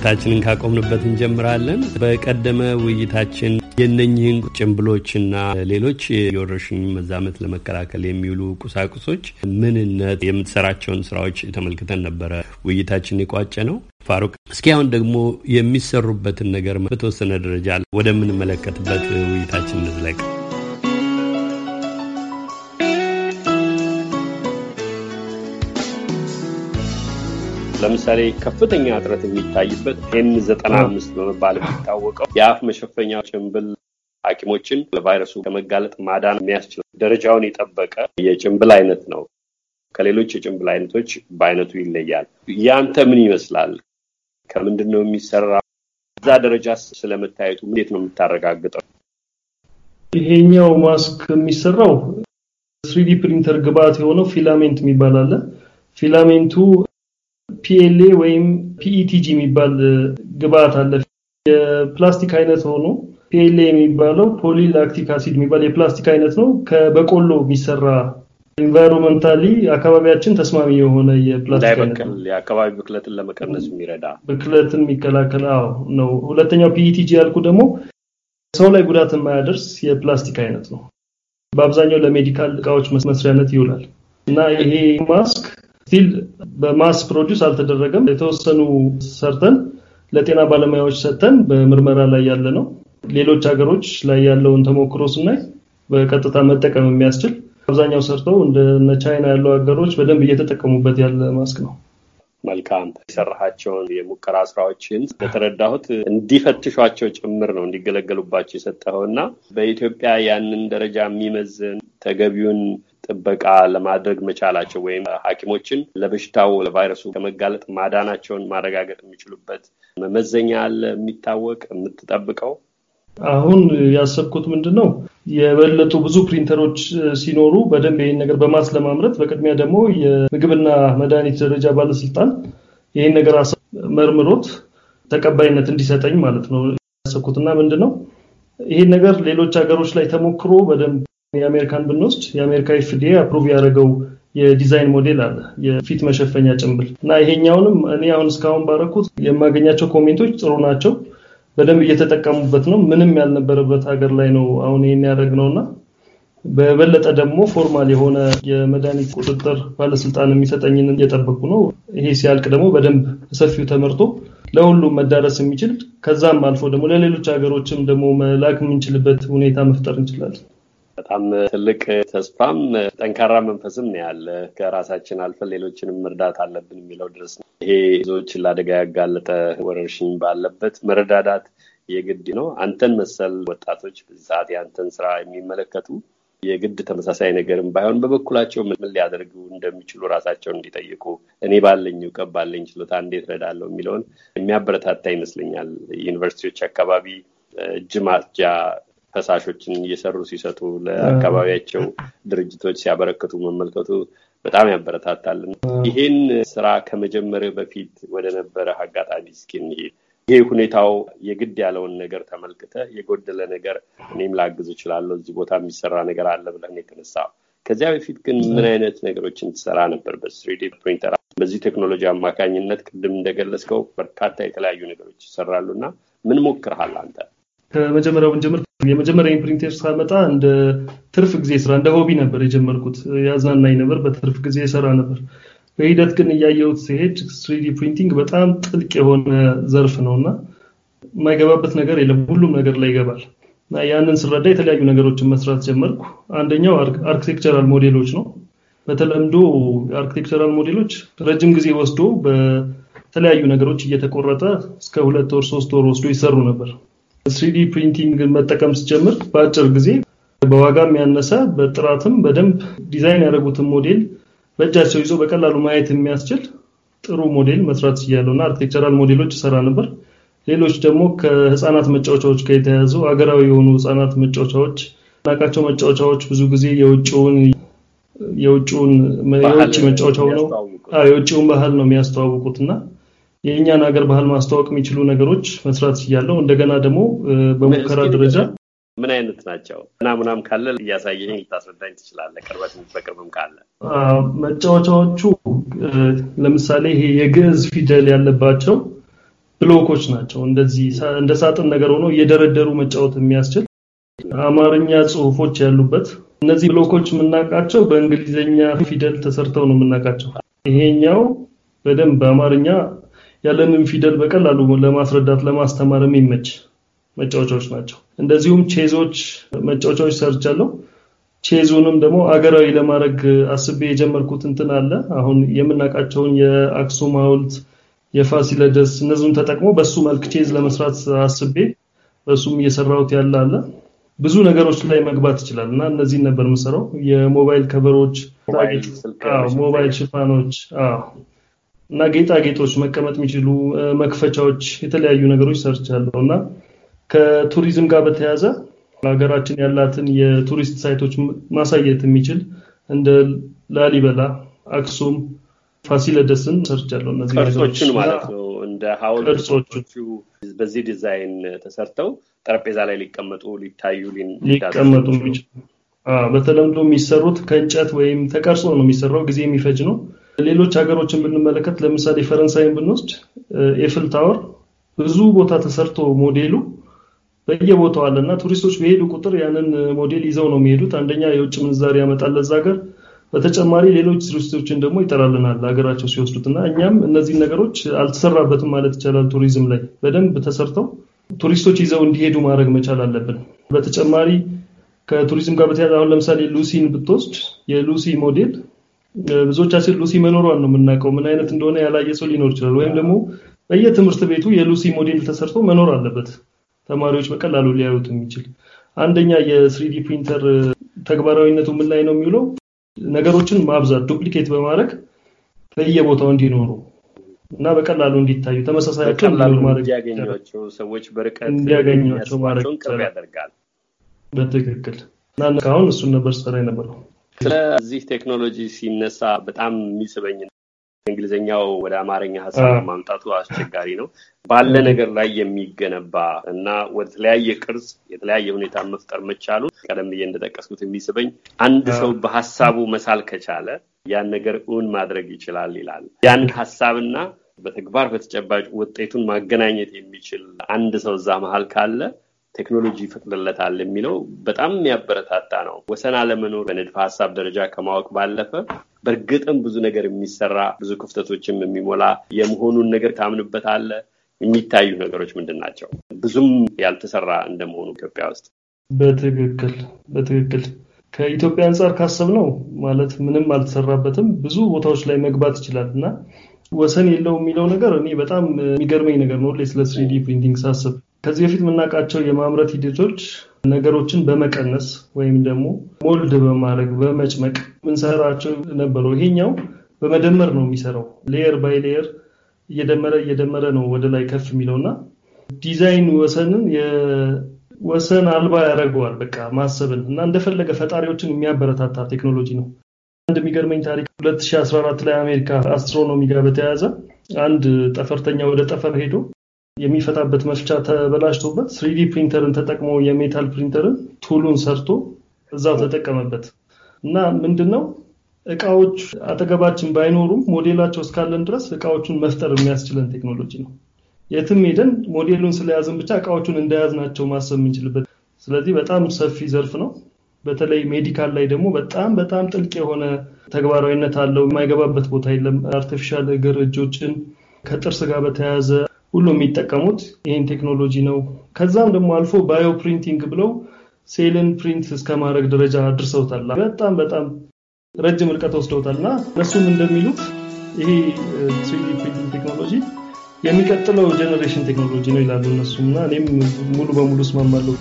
ውይይታችንን ካቆምንበት እንጀምራለን። በቀደመ ውይይታችን የነኝህን ጭንብሎችና ሌሎች የወረርሽኝ መዛመት ለመከላከል የሚውሉ ቁሳቁሶች ምንነት፣ የምትሰራቸውን ስራዎች ተመልክተን ነበረ ውይይታችን የቋጨ ነው። ፋሩቅ፣ እስኪ አሁን ደግሞ የሚሰሩበትን ነገር በተወሰነ ደረጃ ወደምንመለከትበት ውይይታችን ንዝለቅ። ለምሳሌ ከፍተኛ እጥረት የሚታይበት ኤን ዘጠና አምስት በመባል የሚታወቀው የአፍ መሸፈኛ ጭንብል ሐኪሞችን ለቫይረሱ ከመጋለጥ ማዳን የሚያስችል ደረጃውን የጠበቀ የጭንብል አይነት ነው። ከሌሎች የጭንብል አይነቶች በአይነቱ ይለያል። ያንተ ምን ይመስላል? ከምንድን ነው የሚሰራ? እዛ ደረጃ ስለመታየቱ እንዴት ነው የምታረጋግጠው? ይሄኛው ማስክ የሚሰራው ስሪዲ ፕሪንተር ግብአት የሆነው ፊላሜንት የሚባል አለ። ፊላሜንቱ ፒኤልኤ ወይም ፒኢቲጂ የሚባል ግብአት አለ። የፕላስቲክ አይነት ሆኖ ፒኤልኤ የሚባለው ፖሊላክቲክ አሲድ የሚባል የፕላስቲክ አይነት ነው። ከበቆሎ የሚሰራ ኢንቫይሮንመንታሊ አካባቢያችን ተስማሚ የሆነ የፕላስቲክ የአካባቢ ብክለትን ለመቀነስ የሚረዳ ብክለትን የሚከላከል ነው። ሁለተኛው ፒኢቲጂ ያልኩ ደግሞ ሰው ላይ ጉዳት የማያደርስ የፕላስቲክ አይነት ነው። በአብዛኛው ለሜዲካል እቃዎች መስሪያነት ይውላል እና ይሄ ማስክ ፊልድ በማስ ፕሮዲስ አልተደረገም። የተወሰኑ ሰርተን ለጤና ባለሙያዎች ሰጥተን በምርመራ ላይ ያለ ነው። ሌሎች ሀገሮች ላይ ያለውን ተሞክሮ ስናይ በቀጥታ መጠቀም የሚያስችል አብዛኛው ሰርተው እንደ ቻይና ያሉ ሀገሮች በደንብ እየተጠቀሙበት ያለ ማስክ ነው። መልካም የሰራሃቸውን የሙከራ ስራዎችን በተረዳሁት እንዲፈትሿቸው ጭምር ነው እንዲገለገሉባቸው የሰጠኸው እና በኢትዮጵያ ያንን ደረጃ የሚመዝን ተገቢውን ጥበቃ ለማድረግ መቻላቸው ወይም ሐኪሞችን ለበሽታው ለቫይረሱ ከመጋለጥ ማዳናቸውን ማረጋገጥ የሚችሉበት መመዘኛ አለ የሚታወቅ የምትጠብቀው? አሁን ያሰብኩት ምንድን ነው የበለጡ ብዙ ፕሪንተሮች ሲኖሩ በደንብ ይህን ነገር በማስ ለማምረት በቅድሚያ ደግሞ የምግብና መድኃኒት ደረጃ ባለስልጣን ይህን ነገር መርምሮት ተቀባይነት እንዲሰጠኝ ማለት ነው ያሰብኩትና ምንድን ነው ይህን ነገር ሌሎች ሀገሮች ላይ ተሞክሮ በደንብ የአሜሪካን ብንወስድ የአሜሪካ ኤፍዲኤ አፕሩቭ ያደረገው የዲዛይን ሞዴል አለ፣ የፊት መሸፈኛ ጭንብል እና ይሄኛውንም እኔ አሁን እስካሁን ባረኩት የማገኛቸው ኮሜንቶች ጥሩ ናቸው። በደንብ እየተጠቀሙበት ነው። ምንም ያልነበረበት ሀገር ላይ ነው አሁን ይህን ነው እና በበለጠ ደግሞ ፎርማል የሆነ የመድኃኒት ቁጥጥር ባለስልጣን የሚሰጠኝን እየጠበቁ ነው። ይሄ ሲያልቅ ደግሞ በደንብ ሰፊው ተመርቶ ለሁሉም መዳረስ የሚችል ከዛም አልፎ ደግሞ ለሌሎች ሀገሮችም ደግሞ መላክ የምንችልበት ሁኔታ መፍጠር እንችላለን። በጣም ትልቅ ተስፋም ጠንካራ መንፈስም ያለ። ከራሳችን አልፈን ሌሎችንም መርዳት አለብን የሚለው ድረስ ነው። ይሄ ብዙዎችን ለአደጋ ያጋለጠ ወረርሽኝ ባለበት መረዳዳት የግድ ነው። አንተን መሰል ወጣቶች በዚህ ሰዓት የአንተን ስራ የሚመለከቱ የግድ ተመሳሳይ ነገርም ባይሆን በበኩላቸው ምን ሊያደርጉ እንደሚችሉ ራሳቸውን እንዲጠይቁ እኔ ባለኝ እውቀት ባለኝ ችሎታ እንዴት ረዳለው የሚለውን የሚያበረታታ ይመስለኛል። ዩኒቨርሲቲዎች አካባቢ እጅ ማጽጃ ፈሳሾችን እየሰሩ ሲሰጡ ለአካባቢያቸው ድርጅቶች ሲያበረክቱ መመልከቱ በጣም ያበረታታል። ይህን ስራ ከመጀመር በፊት ወደ ነበረ አጋጣሚ እስኪ እንሄድ። ይሄ ሁኔታው የግድ ያለውን ነገር ተመልክተ የጎደለ ነገር እኔም ላግዝ እችላለሁ፣ እዚህ ቦታ የሚሰራ ነገር አለ ብለን የተነሳ ከዚያ በፊት ግን ምን አይነት ነገሮችን ትሰራ ነበር? በስሪዲ ፕሪንተር በዚህ ቴክኖሎጂ አማካኝነት ቅድም እንደገለጽከው በርካታ የተለያዩ ነገሮች ይሰራሉ እና ምን ሞክርሃል አንተ? ከመጀመሪያው ብንጀምር የመጀመሪያ ኢምፕሪንቴር ሳመጣ እንደ ትርፍ ጊዜ ስራ እንደ ሆቢ ነበር የጀመርኩት። ያዝናናኝ ነበር፣ በትርፍ ጊዜ ሰራ ነበር። በሂደት ግን እያየሁት ሲሄድ ስሪዲ ፕሪንቲንግ በጣም ጥልቅ የሆነ ዘርፍ ነው እና የማይገባበት ነገር የለም፣ ሁሉም ነገር ላይ ይገባል። እና ያንን ስረዳ የተለያዩ ነገሮችን መስራት ጀመርኩ። አንደኛው አርኪቴክቸራል ሞዴሎች ነው። በተለምዶ አርኪቴክቸራል ሞዴሎች ረጅም ጊዜ ወስዶ በተለያዩ ነገሮች እየተቆረጠ እስከ ሁለት ወር ሶስት ወር ወስዶ ይሰሩ ነበር። ስሪዲ ፕሪንቲንግን መጠቀም ስጀምር በአጭር ጊዜ በዋጋም ያነሰ በጥራትም በደንብ ዲዛይን ያደረጉትን ሞዴል በእጃቸው ይዞ በቀላሉ ማየት የሚያስችል ጥሩ ሞዴል መስራት እያለው እና አርክቴክቸራል ሞዴሎች ይሰራ ነበር። ሌሎች ደግሞ ከህፃናት መጫወቻዎች ጋር የተያዙ አገራዊ የሆኑ ህፃናት መጫወቻዎች ናቃቸው መጫወቻዎች ብዙ ጊዜ የውጭውን የውጭ መጫወቻው ነው የውጭውን ባህል ነው የሚያስተዋውቁት እና የእኛን ሀገር ባህል ማስተዋወቅ የሚችሉ ነገሮች መስራት እያለው እንደገና ደግሞ በሙከራ ደረጃ ምን አይነት ናቸው? ናሙናም ካለ እያሳየኝ ልታስረዳኝ ትችላለህ። ቅርበት በቅርብም ካለ መጫወቻዎቹ ለምሳሌ ይሄ የግዕዝ ፊደል ያለባቸው ብሎኮች ናቸው። እንደዚህ እንደ ሳጥን ነገር ሆኖ እየደረደሩ መጫወት የሚያስችል አማርኛ ጽሁፎች ያሉበት እነዚህ ብሎኮች የምናውቃቸው በእንግሊዝኛ ፊደል ተሰርተው ነው የምናውቃቸው። ይሄኛው በደንብ በአማርኛ ያለንን ፊደል በቀላሉ ለማስረዳት ለማስተማር የሚመች መጫወቻዎች ናቸው። እንደዚሁም ቼዞች መጫወቻዎች ሰርቻለሁ። ቼዙንም ደግሞ አገራዊ ለማድረግ አስቤ የጀመርኩት እንትን አለ። አሁን የምናውቃቸውን የአክሱም ሐውልት፣ የፋሲለደስ እነዚህን ተጠቅሞ በሱ መልክ ቼዝ ለመስራት አስቤ በሱም እየሰራሁት ያለ አለ። ብዙ ነገሮች ላይ መግባት ይችላል እና እነዚህን ነበር የምሰራው የሞባይል ከበሮች ሞባይል ሽፋኖች እና ጌጣጌጦች መቀመጥ የሚችሉ መክፈቻዎች፣ የተለያዩ ነገሮች ሰርቻለሁ እና ከቱሪዝም ጋር በተያያዘ ሀገራችን ያላትን የቱሪስት ሳይቶች ማሳየት የሚችል እንደ ላሊበላ፣ አክሱም፣ ፋሲለደስን ሰርቻለሁ። እነዚህ ቅርጾችን ማለት ነው እንደ ሀውልት በዚህ ዲዛይን ተሰርተው ጠረጴዛ ላይ ሊቀመጡ ሊታዩ ሊቀመጡ በተለምዶ የሚሰሩት ከእንጨት ወይም ተቀርጾ ነው የሚሰራው። ጊዜ የሚፈጅ ነው። ሌሎች ሀገሮችን ብንመለከት ለምሳሌ ፈረንሳይን ብንወስድ ኤፍል ታወር ብዙ ቦታ ተሰርቶ ሞዴሉ በየቦታው አለ እና ቱሪስቶች በሄዱ ቁጥር ያንን ሞዴል ይዘው ነው የሚሄዱት። አንደኛ የውጭ ምንዛሪ ያመጣል ለዛ ሀገር፣ በተጨማሪ ሌሎች ቱሪስቶችን ደግሞ ይጠራልናል ሀገራቸው ሲወስዱት እና እኛም እነዚህን ነገሮች አልተሰራበትም ማለት ይቻላል። ቱሪዝም ላይ በደንብ ተሰርተው ቱሪስቶች ይዘው እንዲሄዱ ማድረግ መቻል አለብን። በተጨማሪ ከቱሪዝም ጋር በተያያዘ አሁን ለምሳሌ ሉሲን ብትወስድ የሉሲ ሞዴል ብዙዎቻችን ሉሲ መኖሯን ነው የምናውቀው። ምን አይነት እንደሆነ ያላየ ሰው ሊኖር ይችላል። ወይም ደግሞ በየትምህርት ቤቱ የሉሲ ሞዴል ተሰርቶ መኖር አለበት፣ ተማሪዎች በቀላሉ ሊያዩት የሚችል አንደኛ የስሪዲ ፕሪንተር ተግባራዊነቱ ምን ላይ ነው የሚውለው? ነገሮችን ማብዛት ዱፕሊኬት በማድረግ በየቦታው እንዲኖሩ እና በቀላሉ እንዲታዩ ተመሳሳያቸው እንዲያገኟቸው ሰዎች በርቀት እንዲያገኟቸው ማድረግ ያደርጋል። በትክክል እና አሁን እሱን ነበር ሰራ የነበረው። ስለዚህ ቴክኖሎጂ ሲነሳ በጣም የሚስበኝ እንግሊዝኛው ወደ አማርኛ ሀሳብ ማምጣቱ አስቸጋሪ ነው። ባለ ነገር ላይ የሚገነባ እና ወደ ተለያየ ቅርጽ የተለያየ ሁኔታ መፍጠር መቻሉ ቀደም ብዬ እንደጠቀስኩት የሚስበኝ አንድ ሰው በሀሳቡ መሳል ከቻለ ያን ነገር እውን ማድረግ ይችላል ይላል። ያን ሀሳብና በተግባር በተጨባጭ ውጤቱን ማገናኘት የሚችል አንድ ሰው እዛ መሀል ካለ ቴክኖሎጂ ይፈቅድለታል የሚለው በጣም የሚያበረታታ ነው። ወሰን አለመኖር በንድፈ ሀሳብ ደረጃ ከማወቅ ባለፈ በእርግጥም ብዙ ነገር የሚሰራ ብዙ ክፍተቶችም የሚሞላ የመሆኑን ነገር አለ የሚታዩ ነገሮች ምንድን ናቸው? ብዙም ያልተሰራ እንደመሆኑ ኢትዮጵያ ውስጥ በትክክል በትክክል ከኢትዮጵያ አንጻር ካሰብነው ማለት ምንም አልተሰራበትም ብዙ ቦታዎች ላይ መግባት ይችላል እና ወሰን የለውም የሚለው ነገር እኔ በጣም የሚገርመኝ ነገር ነው። ስለ ስሪዲ ፕሪንቲንግ ሳስብ ከዚህ በፊት የምናውቃቸው የማምረት ሂደቶች ነገሮችን በመቀነስ ወይም ደግሞ ሞልድ በማድረግ በመጭመቅ ምንሰራቸው ነበረው። ይሄኛው በመደመር ነው የሚሰራው። ሌየር ባይ ሌየር እየደመረ እየደመረ ነው ወደ ላይ ከፍ የሚለው እና ዲዛይን ወሰንን ወሰን አልባ ያደርገዋል። በቃ ማሰብን እና እንደፈለገ ፈጣሪዎችን የሚያበረታታ ቴክኖሎጂ ነው። አንድ የሚገርመኝ ታሪክ 2014 ላይ አሜሪካ አስትሮኖሚ ጋር በተያያዘ አንድ ጠፈርተኛ ወደ ጠፈር ሄዶ የሚፈታበት መፍቻ ተበላሽቶበት ስሪዲ ፕሪንተርን ተጠቅሞ የሜታል ፕሪንተርን ቱሉን ሰርቶ እዛው ተጠቀመበት እና ምንድን ነው እቃዎች አጠገባችን ባይኖሩም ሞዴላቸው እስካለን ድረስ እቃዎቹን መፍጠር የሚያስችለን ቴክኖሎጂ ነው። የትም ሄደን ሞዴሉን ስለያዝን ብቻ እቃዎቹን እንደያዝናቸው ማሰብ የምንችልበት ስለዚህ በጣም ሰፊ ዘርፍ ነው። በተለይ ሜዲካል ላይ ደግሞ በጣም በጣም ጥልቅ የሆነ ተግባራዊነት አለው። የማይገባበት ቦታ የለም። አርቲፊሻል እግር፣ እጆችን ከጥርስ ጋር በተያያዘ ሁሉ የሚጠቀሙት ይህን ቴክኖሎጂ ነው። ከዛም ደግሞ አልፎ ባዮ ፕሪንቲንግ ብለው ሴልን ፕሪንት እስከ ማድረግ ደረጃ አድርሰውታል። በጣም በጣም ረጅም ርቀት ወስደውታል እና እነሱም እንደሚሉት ይሄ ትሪዲ ፕሪንቲንግ ቴክኖሎጂ የሚቀጥለው ጀኔሬሽን ቴክኖሎጂ ነው ይላሉ እነሱም እና እኔም ሙሉ በሙሉ እስማማለሁ።